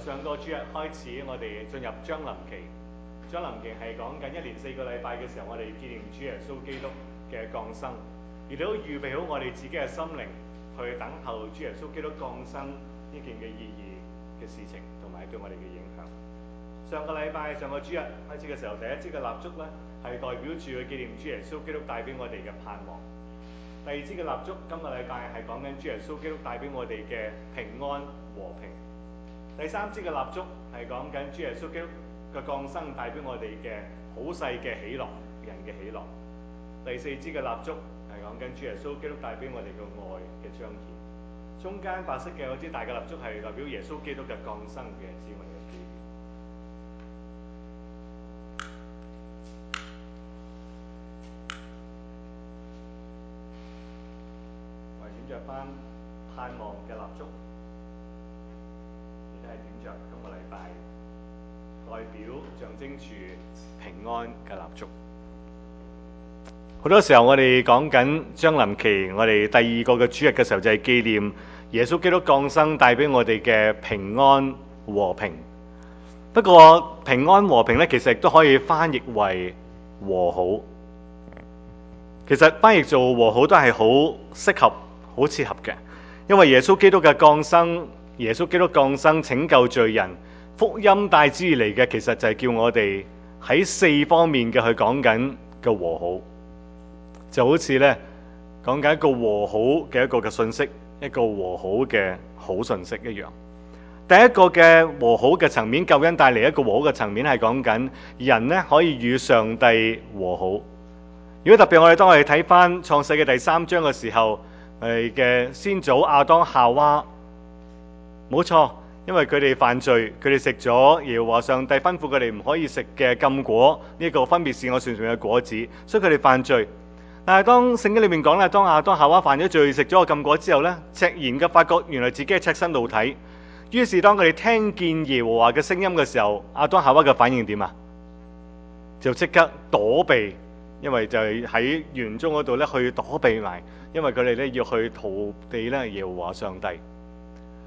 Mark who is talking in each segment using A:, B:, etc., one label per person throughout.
A: 上個主日開始，我哋進入將臨期。將臨期係講緊一年四個禮拜嘅時候，我哋紀念主耶穌基督嘅降生，亦都預備好我哋自己嘅心靈去等候主耶穌基督降生呢件嘅意義嘅事情，同埋對我哋嘅影響。上個禮拜、上個主日開始嘅時候，第一支嘅蠟燭咧，係代表住紀念主耶穌基督帶俾我哋嘅盼望。第二支嘅蠟燭，今個禮拜係講緊主耶穌基督帶俾我哋嘅平安和平。第三支嘅蠟燭係講緊主耶穌基督嘅降生，帶俾我哋嘅好細嘅喜樂，人嘅喜樂。第四支嘅蠟燭係講緊主耶穌基督帶俾我哋嘅愛嘅彰顯。中間白色嘅嗰支大嘅蠟燭係代表耶穌基督嘅降生嘅使命嘅表現。圍繞著翻盼望嘅蠟燭。係點着今個禮拜代表象徵住平安嘅蠟燭。好多時候我哋講緊將臨期，我哋第二個嘅主日嘅時候就係紀念耶穌基督降生帶俾我哋嘅平安和平。不過平安和平呢，其實亦都可以翻譯為和好。其實翻譯做和好都係好適合、好切合嘅，因為耶穌基督嘅降生。耶穌基督降生拯救罪人，福音帶之嚟嘅，其實就係叫我哋喺四方面嘅去講緊個和好，就好似呢講緊一個和好嘅一個嘅信息，一個和好嘅好信息一樣。第一個嘅和好嘅層面，救恩帶嚟一個和好嘅層面係講緊人呢可以與上帝和好。如果特別我哋當我哋睇翻創世嘅第三章嘅時候，係嘅先祖阿當夏娃。冇錯，因為佢哋犯罪，佢哋食咗耶和華上帝吩咐佢哋唔可以食嘅禁果，呢個分別善惡樹上面嘅果子，所以佢哋犯罪。但係當聖經裏面講咧，當亞當夏娃犯咗罪，食咗個禁果之後咧，赤然嘅發覺原來自己係赤身露體。於是當佢哋聽見耶和華嘅聲音嘅時候，亞當夏娃嘅反應點啊？就即刻躲避，因為就係喺園中嗰度咧去躲避埋，因為佢哋咧要去逃避咧，耶和華上帝。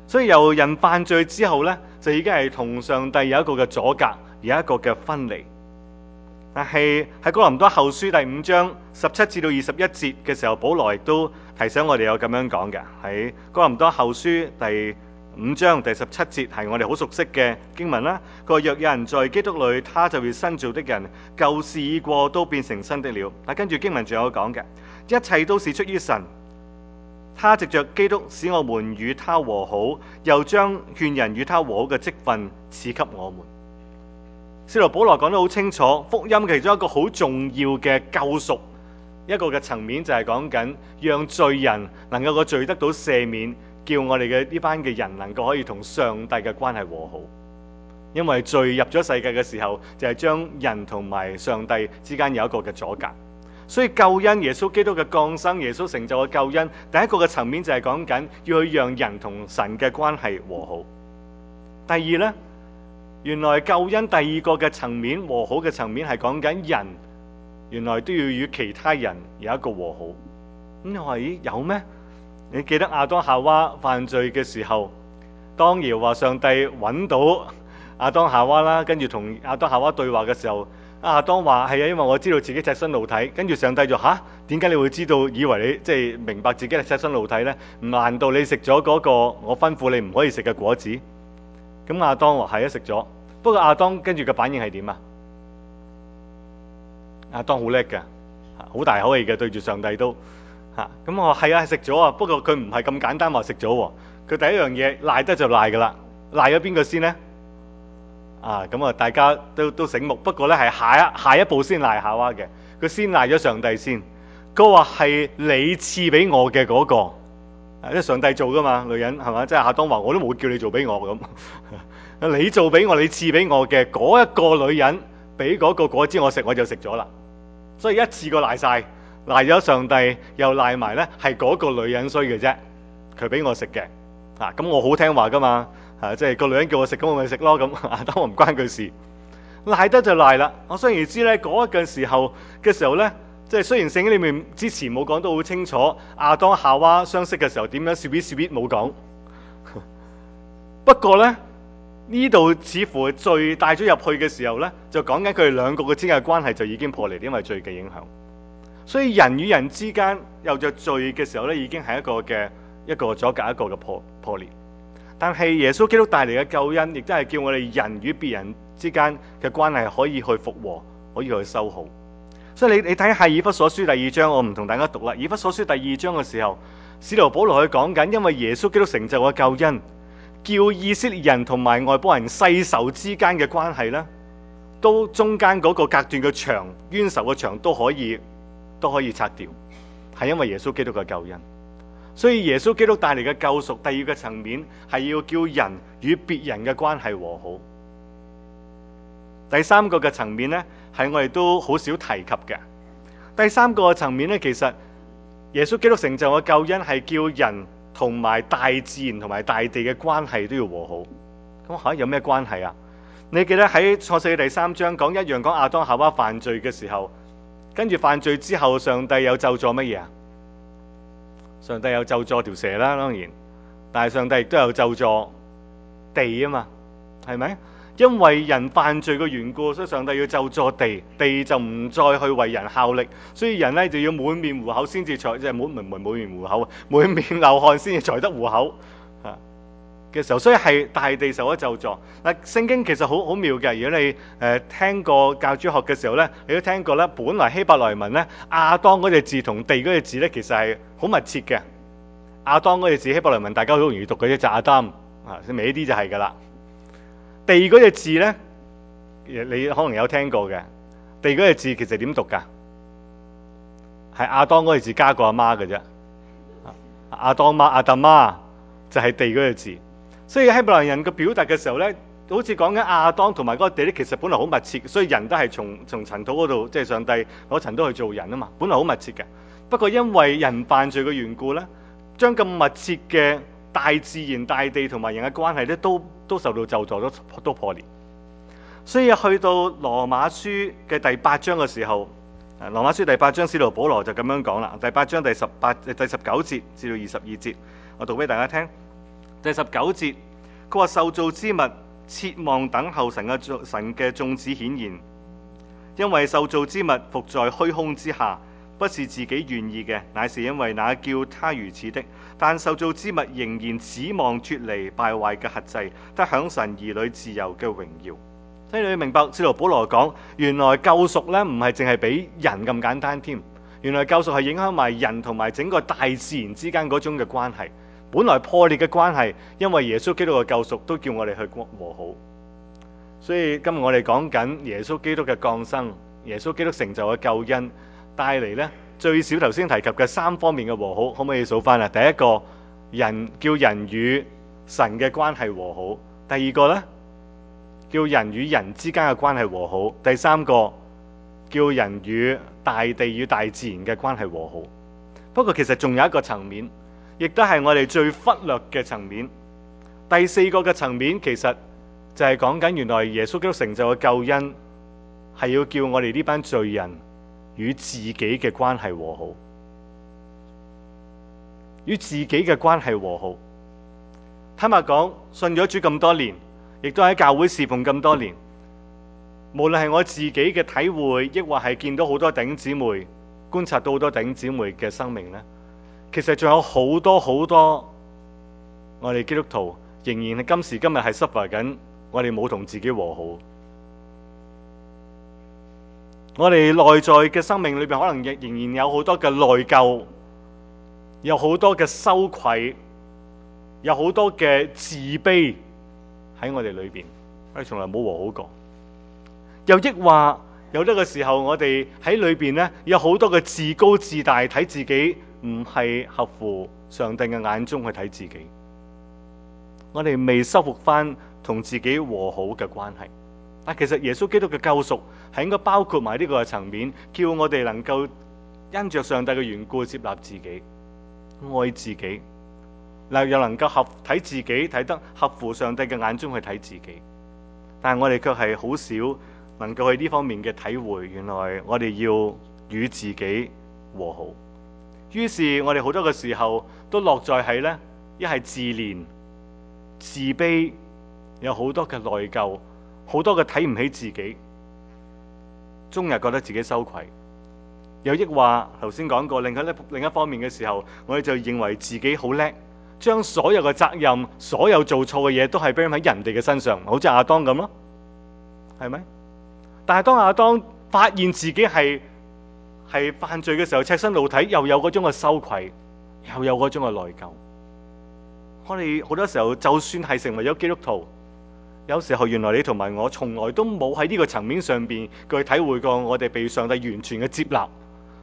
A: 所以由人犯罪之後呢，就已經係同上帝有一個嘅阻隔，有一個嘅分離。但係喺哥林多後書第五章十七至到二十一節嘅時候，保羅亦都提醒我哋有咁樣講嘅。喺哥林多後書第五章第十七節係我哋好熟悉嘅經文啦。佢話：若有人在基督裏，他就會新造的人，舊事已過，都變成新的了。嗱，跟住經文仲有講嘅，一切都是出於神。他藉着基督使我們與他和好，又將勸人與他和好嘅職分賜給我們。使徒保羅講得好清楚，福音其中一個好重要嘅救贖一個嘅層面就係講緊讓罪人能夠個罪得到赦免，叫我哋嘅呢班嘅人能夠可以同上帝嘅關係和好。因為罪入咗世界嘅時候，就係、是、將人同埋上帝之間有一個嘅阻隔。所以救恩耶穌，耶穌基督嘅降生，耶穌成就嘅救恩，第一個嘅層面就係講緊要去讓人同神嘅關係和好。第二呢，原來救恩第二個嘅層面和好嘅層面係講緊人原來都要與其他人有一個和好。咁你話咦有咩？你記得亞當夏娃犯罪嘅時候，當耶和華上帝揾到亞當夏娃啦，跟住同亞當夏娃對話嘅時候。阿當話：係啊，因為我知道自己赤身露體。跟住上帝就嚇，點、啊、解你會知道以為你即係、就是、明白自己係赤身露體咧？唔難道你食咗嗰個我吩咐你唔可以食嘅果子？咁阿當話：係啊，食咗。不過阿當跟住嘅反應係點啊？阿當好叻㗎，好大口氣嘅，對住上帝都嚇。咁我話：係啊，食咗啊。不過佢唔係咁簡單話食咗喎。佢第一樣嘢賴得就賴㗎啦，賴咗邊個先咧？啊，咁啊，大家都都醒目，不過咧，係下一下一步先賴夏娃嘅，佢先賴咗上帝先。佢話係你賜俾我嘅嗰、嗰個，即、啊、上帝做噶嘛，女人係嘛？即係亞當話我都冇叫你做俾我咁。 你做俾我，你賜俾我嘅嗰一個女人，俾嗰個果子我食，我就食咗啦。所以一次過賴晒，賴咗上帝，又賴埋咧係嗰個女人衰嘅啫，佢俾我食嘅，啊咁我好聽話噶嘛。啊！即係個女人叫我食咁，我咪食咯咁。亞、嗯、當、啊、我唔關佢事，賴得就賴啦。我雖然知咧嗰、那個時候嘅時候咧，即係雖然聖經裏面之前冇講到好清楚亞、啊、當夏娃相識嘅時候點樣 sweet sweet 冇講。不過咧，呢度似乎係罪帶咗入去嘅時候咧，就講緊佢哋兩個嘅之間嘅關係就已經破裂，因為罪嘅影響。所以人與人之間有著罪嘅時候咧，已經係一個嘅一個阻隔，一個嘅破破裂。但係耶穌基督帶嚟嘅救恩，亦都係叫我哋人與別人之間嘅關係可以去復和，可以去修好。所以你你睇下以弗所書第二章，我唔同大家讀啦。以弗所書第二章嘅時候，使徒保羅去講緊，因為耶穌基督成就嘅救恩，叫以色列人同埋外邦人世仇之間嘅關係呢都中間嗰個隔斷嘅牆、冤仇嘅牆都可以都可以拆掉，係因為耶穌基督嘅救恩。所以耶穌基督帶嚟嘅救贖，第二個層面係要叫人與別人嘅關係和好。第三個嘅層面咧，係我哋都好少提及嘅。第三個層面咧，其實耶穌基督成就嘅救恩係叫人同埋大自然同埋大地嘅關係都要和好。咁吓有咩關係啊？你記得喺創世記第三章講一樣，講亞當夏娃犯罪嘅時候，跟住犯罪之後，上帝又就咗乜嘢啊？上帝有咒詛條蛇啦，當然，但係上帝亦都有咒詛地啊嘛，係咪？因為人犯罪嘅緣故，所以上帝要咒詛地，地就唔再去為人效力，所以人咧就要滿面糊口先至才，即係滿唔係滿面糊口啊，滿面流汗先至才得糊口。嘅時候，所以係大地受咗咒詛。嗱。聖經其實好好妙嘅。如果你誒、呃、聽過教主學嘅時候咧，你都聽過咧。本來希伯來文咧，亞當嗰隻字同地嗰隻字咧，其實係好密切嘅。亞當嗰隻字希伯來文大家好容易讀嘅啫，就亞當啊，寫呢啲就係噶啦。地嗰隻字咧，你可能有聽過嘅。地嗰隻字其實點讀㗎？係亞當嗰隻字加個阿媽嘅啫。亞當媽、亞達媽就係、是、地嗰隻字。所以希伯來人嘅表達嘅時候呢，好似講緊亞當同埋嗰個地呢，其實本來好密切，所以人都係從從塵土嗰度，即係上帝攞塵土去做人啊嘛，本來好密切嘅。不過因為人犯罪嘅緣故呢，將咁密切嘅大自然大地同埋人嘅關係呢，都都受到咒詛都，都破裂。所以去到羅馬書嘅第八章嘅時候，羅馬書第八章，使徒保羅就咁樣講啦。第八章第十八、第十九節至到二十二節，我讀俾大家聽。第十九節，佢話受造之物切望等候神嘅神嘅眾子顯現，因為受造之物伏在虛空之下，不是自己願意嘅，乃是因為那叫他如此的。但受造之物仍然指望脫離敗壞嘅轄制，得享神兒女自由嘅榮耀。所以你要明白，使徒保羅講，原來救贖呢唔係淨係俾人咁簡單添，原來救贖係影響埋人同埋整個大自然之間嗰種嘅關係。本來破裂嘅關係，因為耶穌基督嘅救贖，都叫我哋去和好。所以今日我哋講緊耶穌基督嘅降生，耶穌基督成就嘅救恩，帶嚟呢最少頭先提及嘅三方面嘅和好，可唔可以數返啊？第一個，人叫人與神嘅關係和好；第二個呢，叫人與人之間嘅關係和好；第三個，叫人與大地與大自然嘅關係和好。不過其實仲有一個層面。亦都係我哋最忽略嘅層面。第四個嘅層面，其實就係講緊原來耶穌基督成就嘅救恩，係要叫我哋呢班罪人與自己嘅關係和好，與自己嘅關係和好。坦白講，信咗主咁多年，亦都喺教會侍奉咁多年，無論係我自己嘅體會，亦或係見到好多弟兄姊妹，觀察到好多弟兄姊妹嘅生命呢。其實仲有好多好多我哋基督徒仍然係今時今日係 suffer 緊，我哋冇同自己和好。我哋內在嘅生命裏邊，可能仍然有好多嘅內疚，有好多嘅羞愧，有好多嘅自卑喺我哋裏邊，我哋從來冇和好過。又抑話有呢個時候，我哋喺裏邊咧，有好多嘅自高自大，睇自己。唔係合乎上帝嘅眼中去睇自己，我哋未修復翻同自己和好嘅關係。但其實耶穌基督嘅救贖係應該包括埋呢個層面，叫我哋能夠因着上帝嘅緣故接納自己，愛自己嗱，又能夠合睇自己睇得合乎上帝嘅眼中去睇自己。但係我哋卻係好少能夠喺呢方面嘅體會，原來我哋要與自己和好。於是，我哋好多嘅時候都落在係呢：一係自憐、自卑，有好多嘅內疚，好多嘅睇唔起自己，終日覺得自己羞愧。有亦話頭先講過，另一另一方面嘅時候，我哋就認為自己好叻，將所有嘅責任、所有做錯嘅嘢都係擺喺人哋嘅身上，好似亞當咁咯，係咪？但係當亞當發現自己係係犯罪嘅時候，赤身露體，又有嗰種嘅羞愧，又有嗰種嘅內疚。我哋好多時候，就算係成為咗基督徒，有時候原來你同埋我，從來都冇喺呢個層面上邊去體會過我哋被上帝完全嘅接納，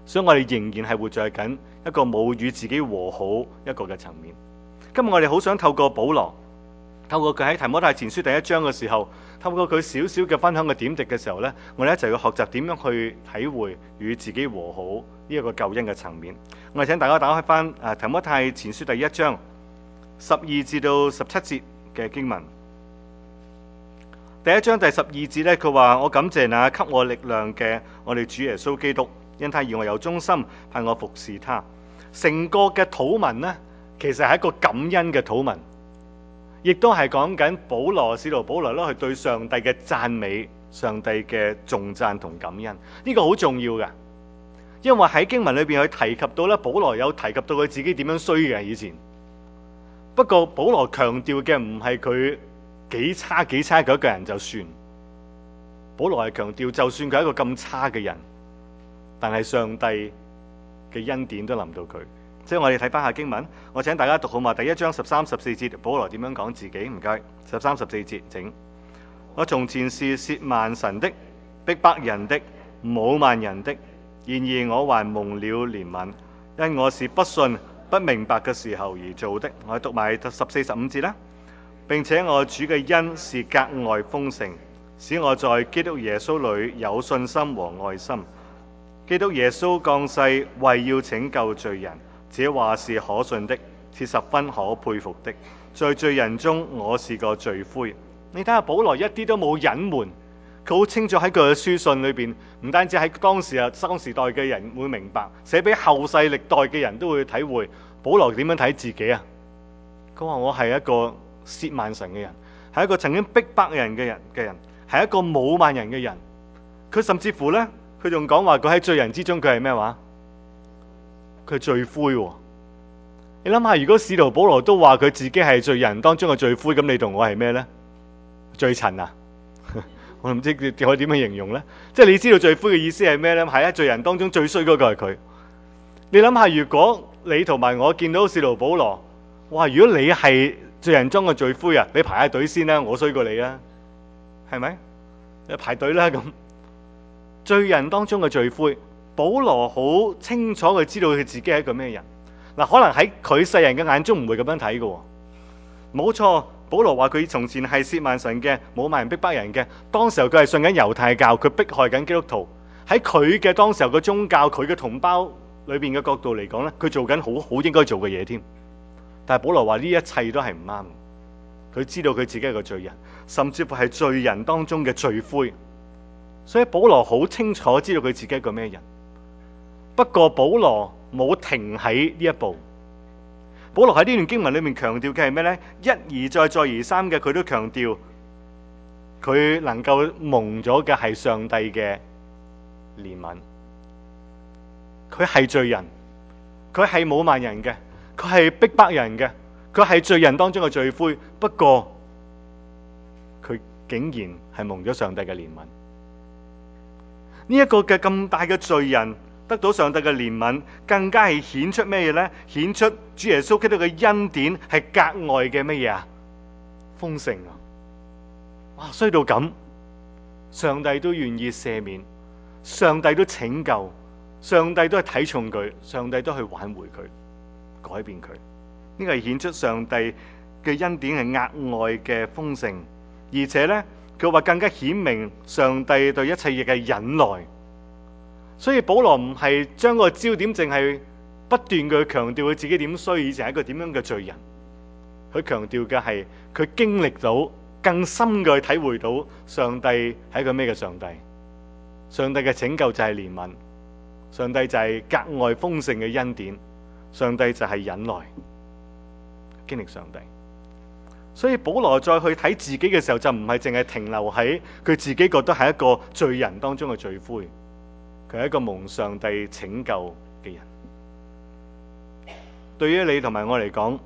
A: 所以我哋仍然係活在緊一個冇與自己和好一個嘅層面。今日我哋好想透過保羅。透過佢喺提摩太前書第一章嘅時候，透過佢少少嘅分享嘅點滴嘅時候咧，我哋一齊去學習點樣去體會與自己和好呢一個救恩嘅層面。我哋請大家打開翻誒提摩太前書第一章十二至到十七節嘅經文。第一章第十二節咧，佢話：我感謝那給我力量嘅我哋主耶穌基督，因他以我有忠心派我服侍他。成個嘅土文咧，其實係一個感恩嘅土文。亦都係講緊保羅、使徒保羅佢對上帝嘅讚美、上帝嘅頌讚同感恩，呢個好重要嘅。因為喺經文裏邊佢提及到咧，保羅有提及到佢自己點樣衰嘅以前。不過保羅強調嘅唔係佢幾差幾差嘅一個人就算，保羅係強調就算佢係一個咁差嘅人，但係上帝嘅恩典都臨到佢。即係我哋睇翻下經文，我請大家讀好嘛？第一章十三十四節，保羅點樣講自己？唔該，十三十四節請。我從前是褻瀆神的，逼迫人的，侮慢人的。然而我還蒙了憐憫，因我是不信不明白嘅時候而做的。我讀埋十四十五節啦。並且我主嘅恩是格外豐盛，使我在基督耶穌裏有信心和愛心。基督耶穌降世為要拯救罪人。這話是可信的，是十分可佩服的。在罪，罪人中，我是個罪魁。你睇下保羅一啲都冇隱瞞，佢好清楚喺佢嘅書信裏邊，唔單止喺當時啊，當時代嘅人會明白，寫俾後世歷代嘅人都會體會。保羅點樣睇自己啊？佢話我係一個褻慢神嘅人，係一個曾經逼迫人嘅人嘅人，係一個侮慢人嘅人。佢甚至乎呢，佢仲講話佢喺罪人之中佢係咩話？佢罪魁喎，你諗下，如果使徒保羅都話佢自己係罪人當中嘅罪魁，咁你同我係咩咧？罪塵啊！ 我唔知你可以點樣形容咧，即係你知道罪魁嘅意思係咩咧？係啊，罪人當中最衰嗰個係佢。你諗下，如果你同埋我見到使徒保羅，哇！如果你係罪人中嘅罪魁啊，你排下隊先啦，我衰過你呀，係咪？你排隊啦咁，罪人當中嘅罪魁。保羅好清楚佢知道佢自己係一個咩人嗱，可能喺佢世人嘅眼中唔會咁樣睇嘅。冇錯，保羅話佢從前係褻瀆神嘅、侮慢人、逼迫人嘅，當時候佢係信緊猶太教，佢迫害緊基督徒。喺佢嘅當時候個宗教、佢嘅同胞裏邊嘅角度嚟講咧，佢做緊好好應該做嘅嘢添。但係保羅話呢一切都係唔啱，佢知道佢自己係個罪人，甚至乎係罪人當中嘅罪魁。所以保羅好清楚知道佢自己係一個咩人。不過保羅冇停喺呢一步。保羅喺呢段經文裏面強調嘅係咩呢？一而再、再而三嘅，佢都強調佢能夠蒙咗嘅係上帝嘅憐憫。佢係罪人，佢係侮慢人嘅，佢係逼迫人嘅，佢係罪人當中嘅罪魁。不過佢竟然係蒙咗上帝嘅憐憫。呢一個嘅咁大嘅罪人。得到上帝嘅憐憫，更加係顯出咩嘢咧？顯出主耶穌基督嘅恩典係格外嘅乜嘢啊？豐盛啊！哇，衰到咁，上帝都願意赦免，上帝都拯救，上帝都係睇重佢，上帝都去挽回佢，改變佢。呢個係顯出上帝嘅恩典係額外嘅豐盛，而且咧，佢話更加顯明上帝對一切嘢嘅忍耐。所以保羅唔係將個焦點淨係不斷去強調佢自己點衰，以前係一個點樣嘅罪人。佢強調嘅係佢經歷到更深嘅，體會到上帝係一個咩嘅上帝。上帝嘅拯救就係憐憫，上帝就係格外豐盛嘅恩典，上帝就係忍耐。經歷上帝，所以保羅再去睇自己嘅時候，就唔係淨係停留喺佢自己覺得係一個罪人當中嘅罪魁。佢係一個蒙上帝拯救嘅人。對於你同埋我嚟講，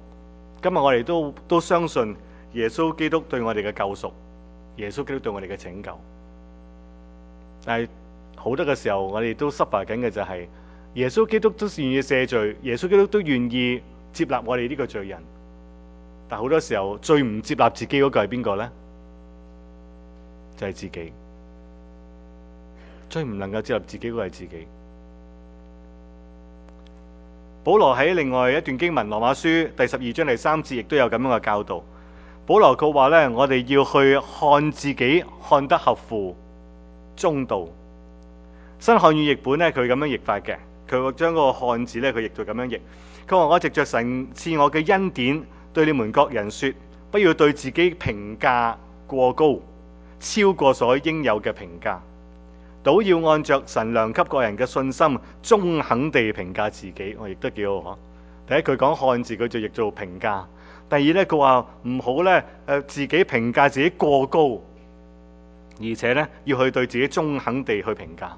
A: 今日我哋都都相信耶穌基督對我哋嘅救贖，耶穌基督對我哋嘅拯救。但係好多嘅時候，我哋都失敗緊嘅就係、是，耶穌基督都願意赦罪，耶穌基督都願意接納我哋呢個罪人。但好多時候，最唔接納自己嗰個係邊個咧？就係、是、自己。最唔能夠接受自己都係自己。保羅喺另外一段經文《羅馬書》第十二章第三節，亦都有咁樣嘅教導。保羅佢話呢，我哋要去看自己，看得合乎中道。新漢語譯本呢，佢咁樣譯法嘅，佢將嗰個漢字呢，佢亦都咁樣譯。佢話，我直着神賜我嘅恩典，對你們各人説，不要對自己評價過高，超過所應有嘅評價。都要按着神量給個人嘅信心，中肯地評價自己，我亦都幾好嗬。第一，佢講漢字，佢就亦做評價；第二咧，佢話唔好咧，誒，自己評價自己過高，而且咧要去對自己中肯地去評價。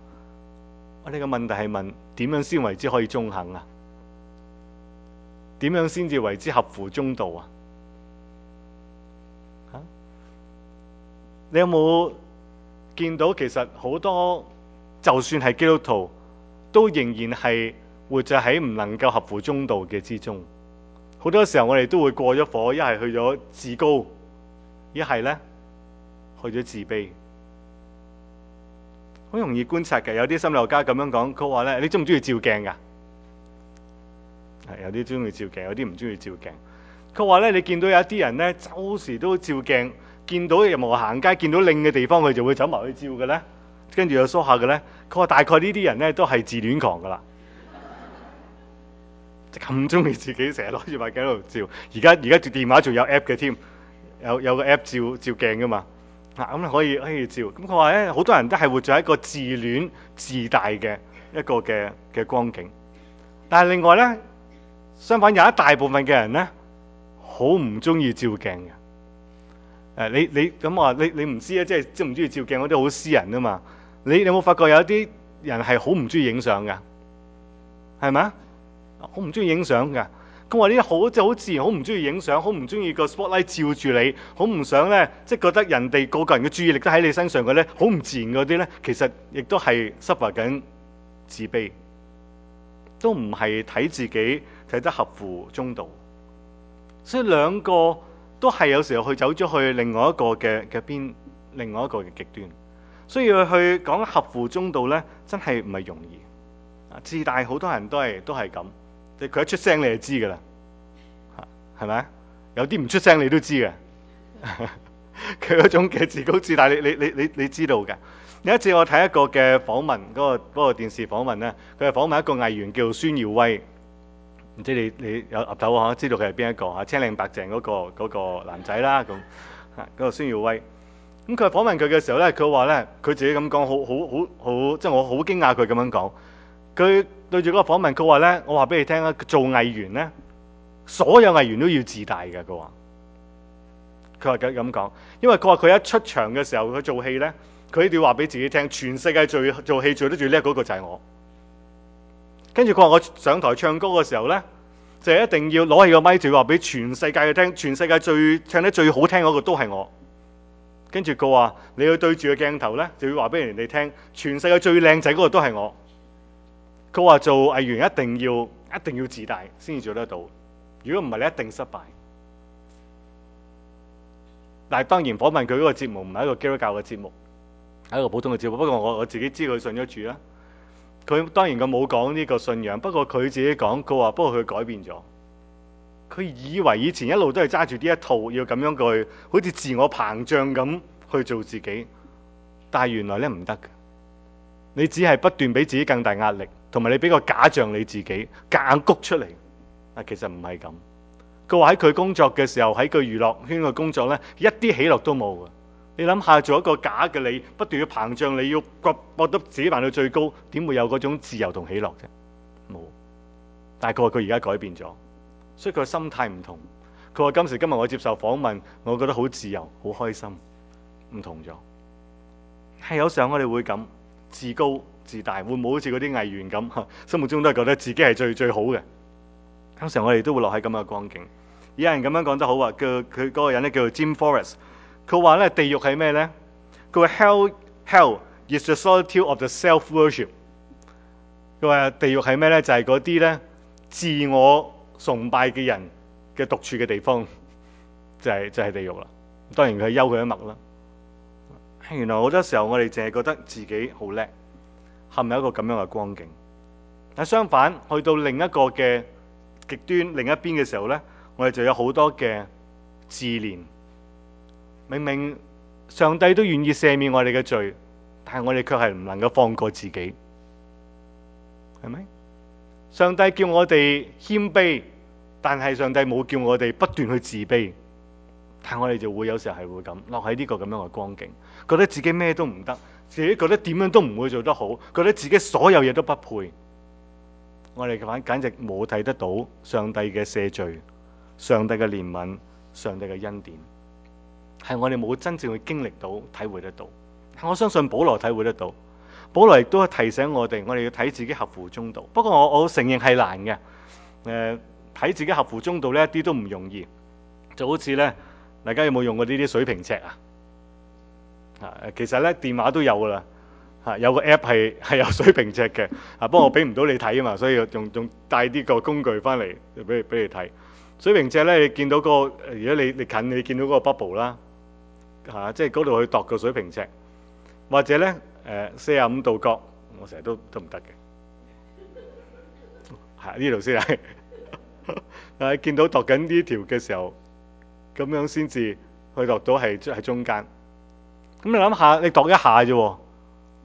A: 我、這、呢個問題係問點樣先為之可以中肯啊？點樣先至為之合乎中道啊？吓，你有冇。見到其實好多，就算係基督徒，都仍然係活着喺唔能夠合乎中道嘅之中。好多時候我哋都會過咗火，一係去咗自高，一係咧去咗自卑。好容易觀察嘅，有啲心理學家咁樣講，佢話咧：你中唔中意照鏡㗎啊？係有啲中意照鏡，有啲唔中意照鏡。佢話咧：你見到有啲人咧，周時都照鏡。見到任何行街，見到靚嘅地方佢就會走埋去照嘅咧，跟住又梳下嘅咧。佢話大概呢啲人咧都係自戀狂噶啦，咁中意自己成日攞住塊鏡喺度照。而家而家電話仲有 app 嘅添，有有個 app 照照鏡噶嘛。嗱、啊，咁、嗯、你可以可以照。咁佢話咧，好多人都係活著一個自戀自大嘅一個嘅嘅光景。但係另外咧，相反有一大部分嘅人咧，好唔中意照鏡嘅。誒你你咁話你你唔知咧，即係中唔中意照鏡嗰啲好私人啊嘛？你，你有冇發覺有一啲人係好唔中意影相嘅？係咪啊？好唔中意影相嘅？咁話呢啲好即係好自然，好唔中意影相，好唔中意個 spotlight 照住你，好唔想咧，即係覺得人哋個個人嘅注意力都喺你身上嘅咧，好唔自然嗰啲咧，其實亦都係失落緊自卑，都唔係睇自己睇得合乎中道，所以兩個。都係有時候去走咗去另外一個嘅嘅邊，另外一個嘅極端，所以去講合乎中道呢，真係唔係容易。自大好多人都係都係咁，佢一出聲你就知噶啦，嚇係咪？有啲唔出聲你都知嘅，佢 嗰 種嘅自高自大，你你你，你知道嘅。有一次我睇一個嘅訪問嗰個嗰個電視訪問呢，佢係訪問一個藝員叫孫耀威。唔知你你有岌頭嚇，知道佢係邊一個嚇？青靚白淨嗰個嗰個男仔啦，咁嗰個孫耀威。咁佢訪問佢嘅時候咧，佢話咧，佢自己咁講，好好好好，即係我好驚訝佢咁樣講。佢對住嗰個訪問，佢話咧，我話俾你聽啊，做藝員咧，所有藝員都要自大嘅。佢話，佢話咁講，因為佢話佢一出場嘅時候，佢做戲咧，佢一定要話俾自己聽，全世界最做戲做得最叻嗰個就係我。跟住佢話：我上台唱歌嘅時候呢，就係一定要攞起個咪，就要話俾全世界去聽，全世界最唱得最好聽嗰個都係我。跟住佢話：你要對住個鏡頭呢，就要話俾人哋聽，全世界最靚仔嗰個都係我。佢話做藝員一定要一定要自大，先至做得到。如果唔係，你一定失敗。但係當然訪問佢嗰個節目唔係一個基督教嘅節目，係一個普通嘅節目。不過我我自己知佢信咗主啦。佢當然佢冇講呢個信仰，不過佢自己講，佢話不過佢改變咗。佢以為以前一路都係揸住呢一套，要咁樣去，好似自我膨脹咁去做自己。但係原來咧，唔得嘅，你只係不斷俾自己更大壓力，同埋你俾個假象你自己，夾硬谷出嚟。啊，其實唔係咁。佢話喺佢工作嘅時候，喺佢娛樂圈嘅工作咧，一啲喜樂都冇嘅。你諗下，做一個假嘅你，不斷要膨脹，你要掘得自己辦到最高，點會有嗰種自由同喜樂啫？冇。但係佢話佢而家改變咗，所以佢嘅心態唔同。佢話今時今日我接受訪問，我覺得好自由，好開心，唔同咗。係有時候我哋會咁自高自大，會唔會好似嗰啲藝員咁，心目中都係覺得自己係最最好嘅。通常，常我哋都會落喺咁嘅光景。有人咁樣講得好話，叫佢嗰個人呢叫做 Jim Forest。佢話咧：地獄係咩咧？佢話 Hell, Hell is the solitude of the self-worship。佢話地獄係咩咧？就係嗰啲咧自我崇拜嘅人嘅獨處嘅地方，就係就係地獄啦。當然佢係幽佢一默啦。原來好多時候我哋淨係覺得自己好叻，陷入一個咁樣嘅光景。但相反，去到另一個嘅極端，另一邊嘅時候咧，我哋就有好多嘅自憐。明明上帝都願意赦免我哋嘅罪，但係我哋卻係唔能夠放過自己，係咪？上帝叫我哋謙卑，但係上帝冇叫我哋不斷去自卑，但我哋就會有時候係會咁落喺呢個咁樣嘅光景，覺得自己咩都唔得，自己覺得點樣都唔會做得好，覺得自己所有嘢都不配，我哋反簡直冇睇得到上帝嘅赦罪、上帝嘅憐憫、上帝嘅恩典。係我哋冇真正去經歷到、體會得到。我相信保羅體會得到，保羅亦都係提醒我哋，我哋要睇自己合乎中道。不過我我承認係難嘅。誒、呃，睇自己合乎中道呢一啲都唔容易。就好似呢，大家有冇用過呢啲水平尺啊？啊，其實呢，電話都有噶啦。嚇、啊，有個 app 係係有水平尺嘅。啊，不過我俾唔到你睇啊嘛， 所以我用用帶啲個工具翻嚟俾俾你睇。水平尺呢，你見到嗰、那個，如果你你近你見到嗰個 bubble 啦。嚇、啊！即係嗰度去度個水平尺，或者咧誒四十五度角，我成日都都唔得嘅。嚇、啊！呢度先係，但 係、啊、見到度緊呢條嘅時候，咁樣先至去度到係喺中間。咁你諗下，你度一下啫喎，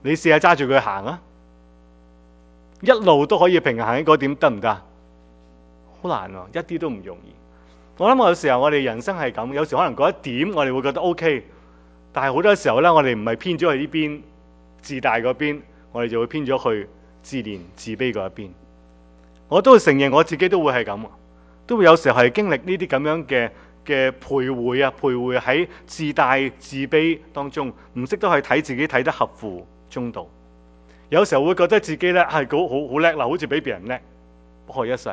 A: 你試下揸住佢行啊，一路都可以平衡喺嗰點得唔得啊？好難啊，一啲都唔容易。我諗，有時候我哋人生係咁，有時可能覺得點，我哋會覺得 OK，但係好多時候呢，我哋唔係偏咗去呢邊自大嗰邊，我哋就會偏咗去自憐自卑嗰一邊。我都會承認我自己都會係咁，都會有時候係經歷呢啲咁樣嘅嘅徘徊啊，徘徊喺自大自卑當中，唔識得去睇自己睇得合乎中道。有時候會覺得自己呢係好好叻嗱，好似比別人叻，不過一世。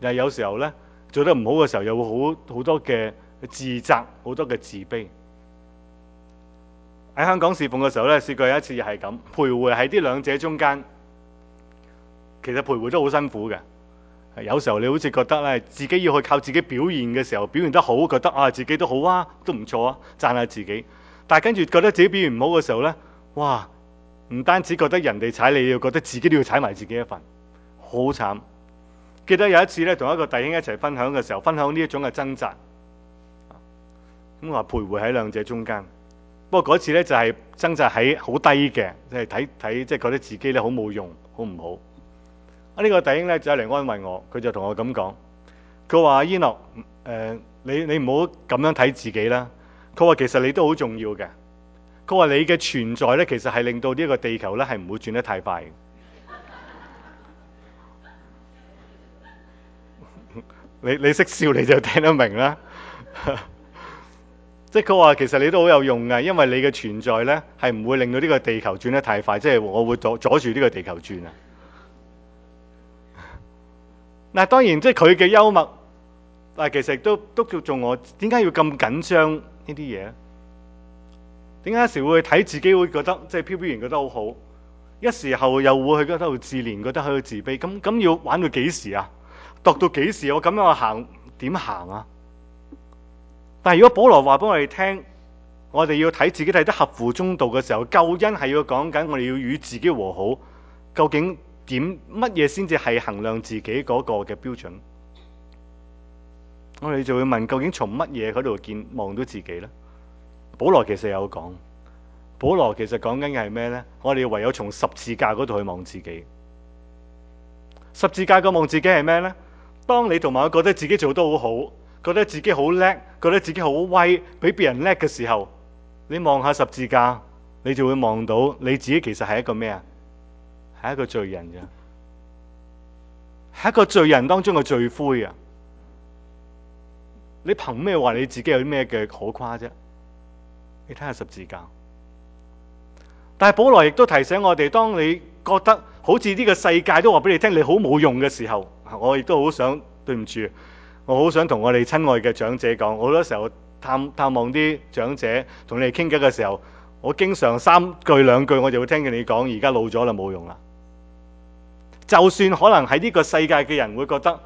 A: 又係有時候呢。做得唔好嘅時候，又會好好多嘅自責，好多嘅自卑。喺香港侍奉嘅時候呢，試過有一次係咁徘徊喺啲兩者中間，其實徘徊都好辛苦嘅。有時候你好似覺得呢，自己要去靠自己表現嘅時候，表現得好，覺得啊自己都好啊，都唔錯啊，讚下自己。但係跟住覺得自己表現唔好嘅時候呢，哇！唔單止覺得人哋踩你，要覺得自己都要踩埋自己一份，好慘。記得有一次咧，同一個弟兄一齊分享嘅時候，分享呢一種嘅掙扎。咁我話徘徊喺兩者中間。不過嗰次咧就係掙扎喺好低嘅，即係睇睇即係覺得自己咧好冇用，好唔好？啊、這、呢個弟兄咧就係嚟安慰我，佢就同我咁講。佢話：伊諾、呃，誒你你唔好咁樣睇自己啦。佢話其實你都好重要嘅。佢話你嘅存在咧，其實係令到呢一個地球咧係唔會轉得太快。你你識笑你就聽得明啦， 即係佢話其實你都好有用嘅，因為你嘅存在呢係唔會令到呢個地球轉得太快，即係我會阻阻住呢個地球轉啊。嗱，當然即係佢嘅幽默，但其實都都叫做我點解要咁緊張這些呢啲嘢？點解有時會睇自己會覺得即係漂漂然覺得好好，一時候又會去嗰度自憐覺得喺度自卑，咁咁要玩到幾時啊？度到幾時？我咁樣我行點行啊？但係如果保羅話俾我哋聽，我哋要睇自己睇得合乎中道嘅時候，救恩係要講緊，我哋要與自己和好，究竟點乜嘢先至係衡量自己嗰個嘅標準？我哋就會問究竟從乜嘢嗰度見望到自己呢？保羅其實有講，保羅其實講緊嘅係咩呢？我哋唯有從十字架嗰度去望自己。十字架嗰度望自己係咩呢？當你同埋覺得自己做得好好，覺得自己好叻，覺得自己好威，比別人叻嘅時候，你望下十字架，你就會望到你自己其實係一個咩啊？係一個罪人嘅，係一個罪人當中嘅罪魁啊！你憑咩話你自己有啲咩嘅可誇啫？你睇下十字架。但係保羅亦都提醒我哋，當你覺得好似呢個世界都話俾你聽你好冇用嘅時候，我亦都好想，對唔住，我好想同我哋親愛嘅長者講。好多時候探探望啲長者，同你哋傾偈嘅時候，我經常三句兩句我就會聽見你講，而家老咗啦，冇用啦。就算可能喺呢個世界嘅人會覺得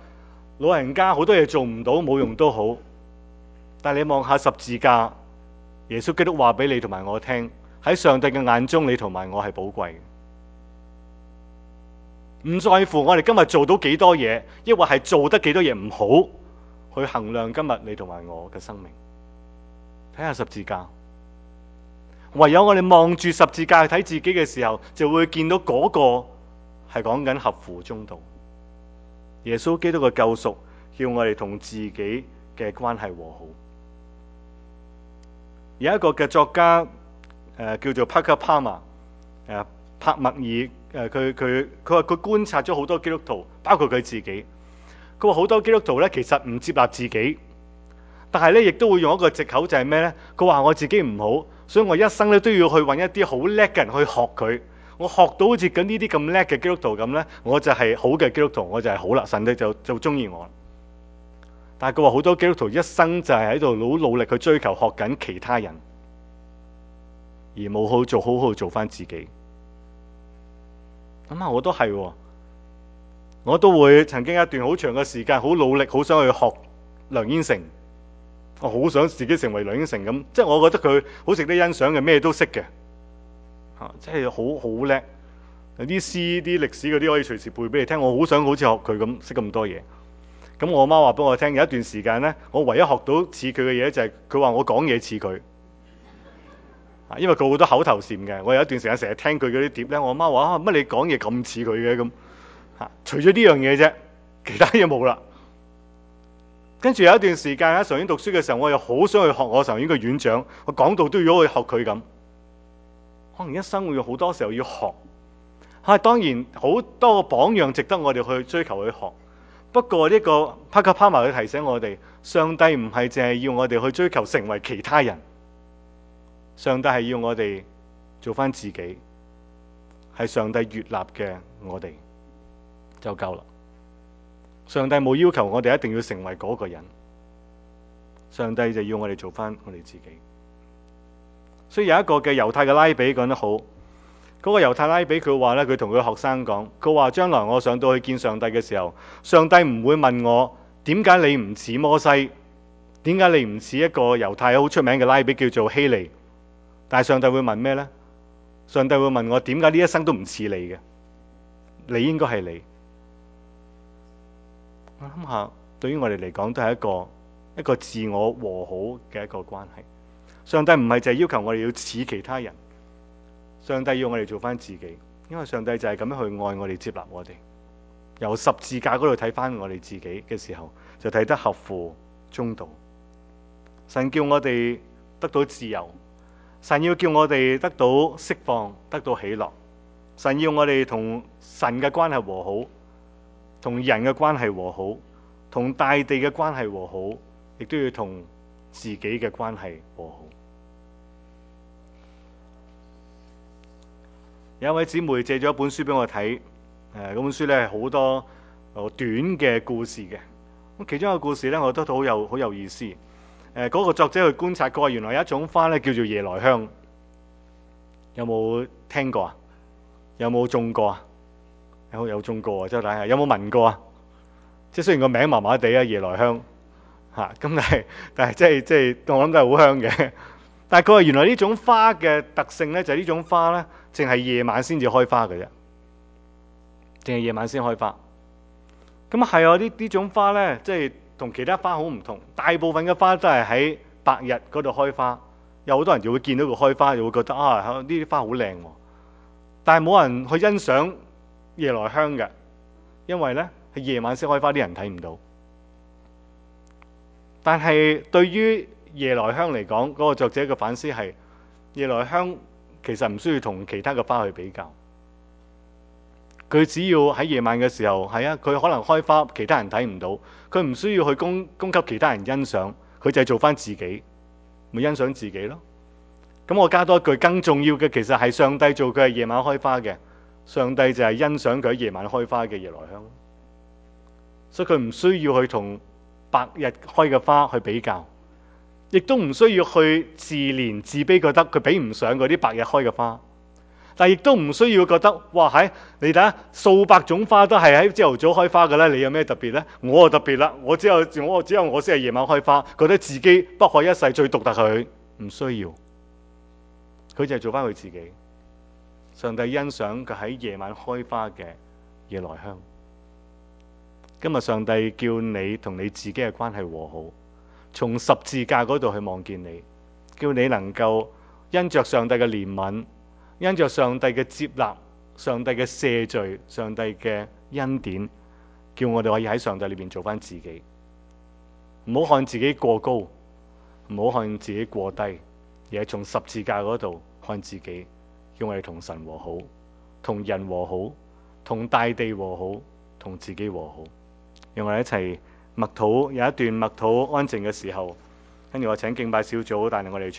A: 老人家好多嘢做唔到，冇用都好，但你望下十字架，耶穌基督話俾你同埋我聽，喺上帝嘅眼中，你同埋我係寶貴。唔在乎我哋今日做到幾多嘢，抑或係做得幾多嘢唔好，去衡量今日你同埋我嘅生命。睇下十字架，唯有我哋望住十字架去睇自己嘅時候，就會見到嗰個係講緊合乎中道。耶穌基督嘅救贖，叫我哋同自己嘅關係和好。有一個嘅作家誒、呃、叫做 Parker Palmer 誒帕默爾。誒，佢佢佢話佢觀察咗好多基督徒，包括佢自己。佢話好多基督徒咧，其實唔接納自己，但係咧亦都會用一個借口就是什麼，就係咩咧？佢話我自己唔好，所以我一生咧都要去揾一啲好叻嘅人去學佢。我學到好似緊呢啲咁叻嘅基督徒咁咧，我就係好嘅基督徒，我就係好啦，神帝就就中意我。但係佢話好多基督徒一生就係喺度好努力去追求學緊其他人，而冇好做好好做翻自己。咁啊，我都係喎，我都會曾經一段好長嘅時間，好努力，好想去學梁英成。我好想自己成為梁英成咁，即係我覺得佢好值得欣賞嘅，咩都識嘅，嚇，即係好好叻。有啲詩、啲歷史嗰啲，可以隨時背俾你聽。我好想好似學佢咁，識咁多嘢。咁我媽話俾我聽，有一段時間呢，我唯一學到似佢嘅嘢就係，佢話我講嘢似佢。因為佢好多口頭禪嘅，我有一段時間成日聽佢嗰啲碟咧，我媽話啊，乜你講嘢咁似佢嘅咁，嚇、啊，除咗呢樣嘢啫，其他嘢冇啦。跟住有一段時間喺上院讀書嘅時候，我又好想去學我上院嘅院長，我講道都要去學佢咁。可能一生會有好多時候要學，嚇，當然好多個榜樣值得我哋去追求去學。不過呢個 Patrick Palmer 佢提醒我哋，上帝唔係淨係要我哋去追求成為其他人。上帝係要我哋做翻自己，係上帝悅納嘅我哋就夠啦。上帝冇要求我哋一定要成為嗰個人，上帝就是要我哋做翻我哋自己。所以有一個嘅猶太嘅拉比講得好，嗰個猶太拉比佢話咧，佢同佢學生講，佢話將來我上到去見上帝嘅時候，上帝唔會問我點解你唔似摩西，點解你唔似一個猶太好出名嘅拉比叫做希利。但係上帝會問咩呢？上帝會問我點解呢一生都唔似你嘅？你應該係你。我諗下，對於我哋嚟講，都係一個一個自我和好嘅一個關係。上帝唔係淨係要求我哋要似其他人，上帝要我哋做返自己，因為上帝就係咁樣去愛我哋，接納我哋。由十字架嗰度睇返我哋自己嘅時候，就睇得合乎中道。神叫我哋得到自由。神要叫我哋得到釋放，得到喜樂。神要我哋同神嘅關係和好，同人嘅關係和好，同大地嘅關係和好，亦都要同自己嘅關係和好。有一位姊妹借咗一本書俾我睇，誒，嗰本書咧係好多短嘅故事嘅。咁其中一個故事咧，我覺得好有好有意思。誒、呃、嗰、那個作者去觀察過，原來有一種花咧叫做夜來香，有冇聽過啊？有冇種過啊？有有種過啊？即係睇、就、下、是、有冇聞過啊？即係雖然個名麻麻地啊，夜來香嚇，咁、啊、但係但係即係即係，我諗都係好香嘅。但係佢話原來呢種花嘅特性咧，就係呢、是、種花咧，淨係夜晚先至開花嘅啫，淨係夜晚先開花。咁啊係啊，呢呢種花咧，即係。同其他花好唔同，大部分嘅花都係喺白日嗰度開花，有好多人就會見到佢開花，就會覺得啊，呢啲花好靚，哦，但係冇人去欣賞夜來香嘅，因為咧係夜晚先開花，啲人睇唔到。但係對於夜來香嚟講，嗰個作者嘅反思係夜來香其實唔需要同其他嘅花去比較。佢只要喺夜晚嘅時候，係啊，佢可能開花，其他人睇唔到，佢唔需要去供供給其他人欣賞，佢就係做翻自己，咪欣賞自己咯。咁我加多一句，更重要嘅其實係上帝做佢係夜晚開花嘅，上帝就係欣賞佢喺夜晚開花嘅夜來香，所以佢唔需要去同白日開嘅花去比較，亦都唔需要去自憐自卑，覺得佢比唔上嗰啲白日開嘅花。但亦都唔需要覺得，哇！喺你睇下，數百種花都係喺朝頭早開花嘅咧，你有咩特別咧？我就特別啦，我只有我只有我先係夜晚開花，覺得自己不可一世最獨特佢，唔需要。佢就係做翻佢自己。上帝欣賞佢喺夜晚開花嘅夜來香。今日上帝叫你同你自己嘅關係和好，從十字架嗰度去望見你，叫你能夠因着上帝嘅憐憫。因着上帝嘅接納、上帝嘅赦罪、上帝嘅恩典，叫我哋可以喺上帝裏邊做返自己。唔好看自己過高，唔好看自己過低，而係從十字架度看自己，叫我哋同神和好，同人和好，同大地和好，同自己和好。讓我哋一齊默禱，有一段默禱安靜嘅時候，跟住我請敬拜小組帶領我哋。